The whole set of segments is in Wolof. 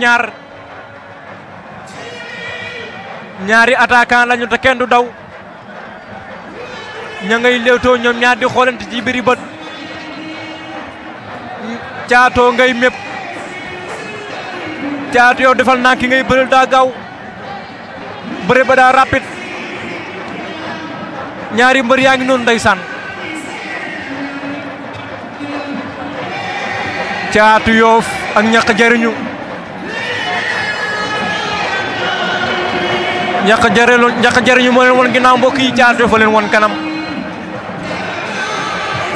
ñaar ñaari attaquant lañu te kenn du daw ña ngay léewtoo ñoom ñaar di xoolante ci biir bët caatoo ngay mépp caatu yow defal naa ki ngay bëreel daa gaaw bëre ba daa rapide Nyari meriang nun, ngi noonu angnya caatu yoof ak ñaq jariñu ñaq jariñu ñaq jariñu moo leen won ginaaw mbokk yi caatu yoof a leen won kanam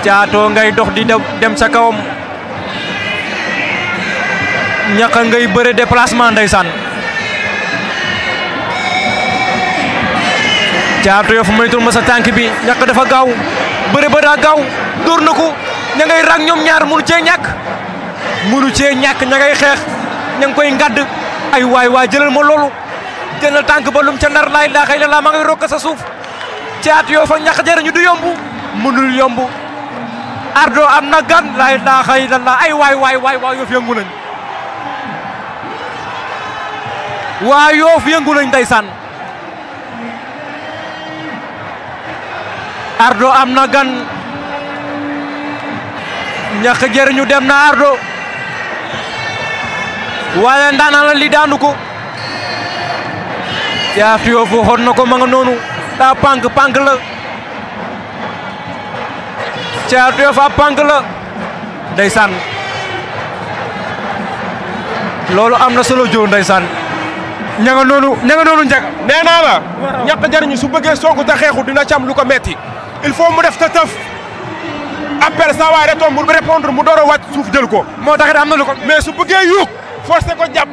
caatoo ngay dox di dem sa kawam ñaq ngay beure déplacement ndeysaan yo fu moytul tour massa tank bi ñak dafa gaaw beure ba daa gaaw dóor nako ña ngay rang ñoom ñaar munu ci ñak munu ci ñak ña ngay xeex ña ngi koy ngadd ay way way jëlal mo lolu jëlal tank ba lum ci nar la ma ngay rokk sa suuf caatu yof ak ñàkk jariñu du yombu yombu ardo am na gan laay laa xëy la ay way way way way yo fi yëngu nañ yo fi yëngu nañ ndaysan Ardo amnagan, na gan ñàkk dem na Ardo waaye ndana la li daanu ko Caatu Yoff waxoon na ko ma nga noonu daa pank pànk la Caatu Yoff ab pànk la ndaysan lolu amna solo joo ndaysan ñanga nonu ñanga nonu neena la ñak jarñu su bëgge soko ta dina lu ko metti il faut mu def ta tëf après saa waay retombe bu répondre mu door a wàcc suuf jël ko. moo tax am na lu ko. mais su bëggee yuuk forcé ko jàpp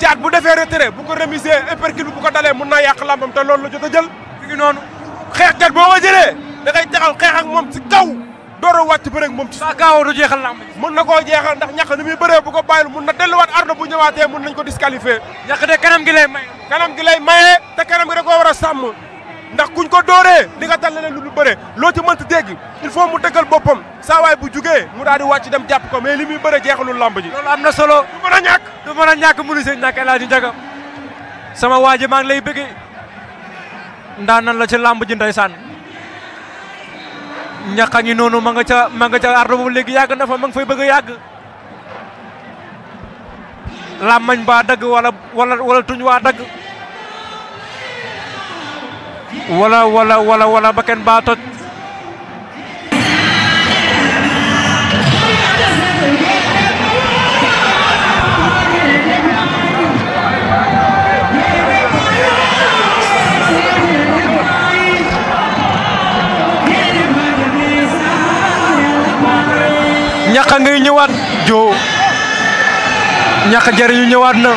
caat bu defee retrait bu ko remiser uppercut bi bu ko dalee mun naa yàq làmbam te loolu la jot jël. fi ngi noonu xeexkat boo ma jëlee da ngay taxaw xeex ak moom ci kaw door a wàcc bëre ak moom ci. saa gaawoo du jeexal làmb ji. mun na koo jeexal ndax ñax ni muy bëree bu ko bàyyil mun na delluwaat ardo bu ñëwaatee mun nañ ko disqualifier. ñax de kanam gi lay maye. kanam gi lay maye te kanam gi da koo war a sàmm ndax kuñ ko dooree li nga tal leneen lu bëre loo ci mënta dégg il faut mu dëggal boppam saa waay bu jugee mu daal di wàcc dem jàpp ko mais li muy bëre jeexalul lamb ji. loolu am na solo du mën a ñàkk. du mën a ñàkk mënu seen ñàkk El Hadj Ndiaga sama waa ji maa ngi lay bëggee ndaanan la ci lamb ji ndeysaan ñaxa ngi noonu ma nga ca ma nga ca ardo boobu léegi yàgg na fa ma nga fay bëgg a yàgg. làmmañ baa dagg wala wala wala tuñ waa dagg. wala wala wala wala bakkan batot ñaka ngay ñëwaat jo ñaka jariñu ñëwaat na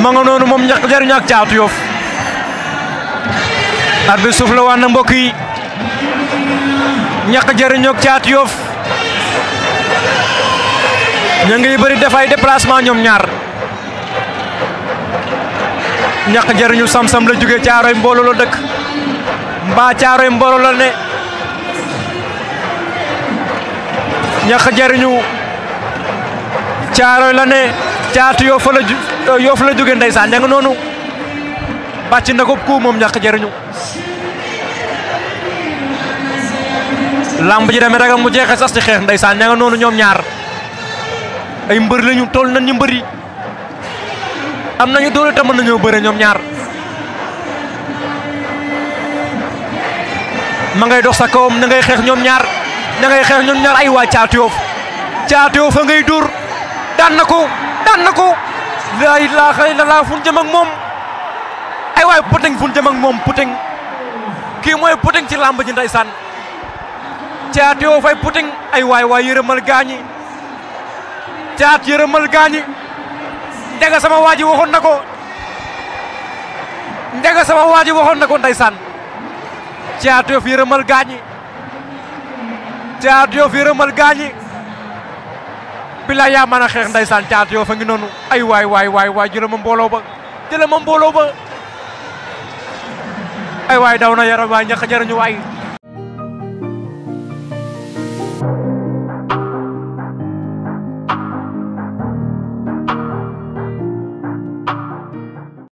ma nga nonu mom ñaka jariñu ñak ciatu yof arbitre suuf wa waan na mbokk yi ñàkk jëriñoo ak Caatu Yoff ña ngi bari def ay déplacement ñom ñaar ñàkk jëriñu sam-sam la jóge mbolo lo dekk mba mbaa caaroy mbolo lo ne ñàkk ci caaroy la ne Caatu yof la yof la jóge ndaysan ñang nonu noonu bàcc ku lamb ji demé rek mu jéxé sax ci xéx ndaysan ñanga nonu ñom ñaar ay mbeur lañu toll nañu ñu am nañu doole tam nañu bëré ñom ñaar ma ngay dox sa kawam na ngay xeex ñom ñaar na ngay xeex ñom ñaar ay waa Caatu Yoof Caatu ngay dur dan nako dan nako la ilaha illallah ilaaha jëm ak mom ay way puting jëm ak mom puting ki moy puting ci lamb ji ndaysan caat yoo fay ay waay waay yërëmal gaañi caat yërëmal gaañi ndega sama waa ji waxoon na ko ndega sama waaji ji waxoon na ko ndeysaan caat yoo fi yërëmal gaañi caat yoo fi yërëmal gaañi bilaay yaa mën a xeex ndeysaan caat yoo fa noonu ay waay waay waay waay jëla ma mbooloo ba jëla ma mbooloo ba ay waay daw na yaram waay ñax jariñu waay